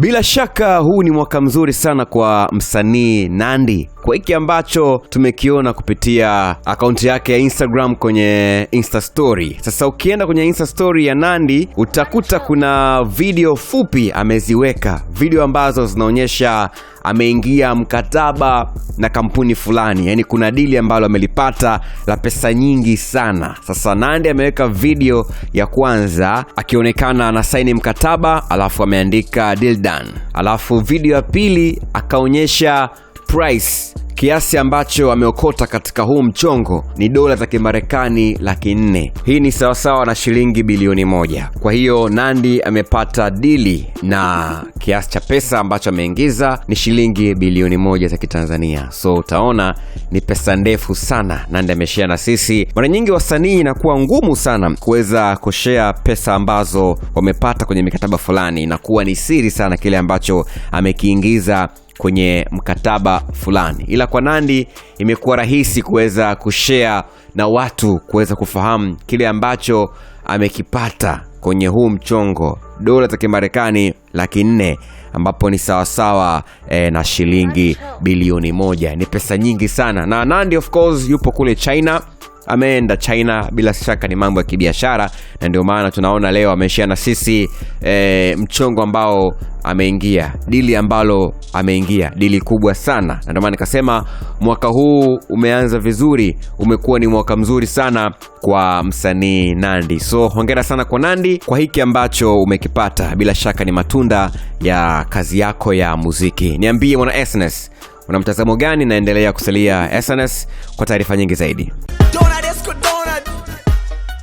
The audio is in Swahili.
Bila shaka huu ni mwaka mzuri sana kwa msanii nandi kwa hiki ambacho tumekiona kupitia akaunti yake ya Instagram kwenye Insta story. Sasa ukienda kwenye Insta story ya nandi utakuta kuna video fupi ameziweka, video ambazo zinaonyesha ameingia mkataba na kampuni fulani, yaani kuna dili ambalo amelipata la pesa nyingi sana. Sasa nandi ameweka video ya kwanza akionekana anasaini mkataba, alafu ameandika deal Zidane. Alafu video ya pili akaonyesha price Kiasi ambacho ameokota katika huu mchongo ni dola za Kimarekani laki nne. Hii ni sawasawa na shilingi bilioni moja. Kwa hiyo Nandi amepata dili na kiasi cha pesa ambacho ameingiza ni shilingi bilioni moja za Kitanzania. So utaona ni pesa ndefu sana Nandi ameshea na sisi. Mara nyingi wasanii inakuwa ngumu sana kuweza kushea pesa ambazo wamepata kwenye mikataba fulani, inakuwa ni siri sana kile ambacho amekiingiza kwenye mkataba fulani, ila kwa Nandi imekuwa rahisi kuweza kushare na watu kuweza kufahamu kile ambacho amekipata kwenye huu mchongo dola za Kimarekani laki nne ambapo ni sawasawa e, na shilingi bilioni moja. Ni pesa nyingi sana, na Nandi of course yupo kule China ameenda china bila shaka ni mambo ya kibiashara na ndio maana tunaona leo ameishia na sisi e, mchongo ambao ameingia dili ambalo ameingia dili kubwa sana na ndio maana nikasema mwaka huu umeanza vizuri umekuwa ni mwaka mzuri sana kwa msanii nandi so hongera sana kwa nandi kwa hiki ambacho umekipata bila shaka ni matunda ya kazi yako ya muziki niambie mwana sns una mtazamo gani naendelea kusalia sns kwa taarifa nyingi zaidi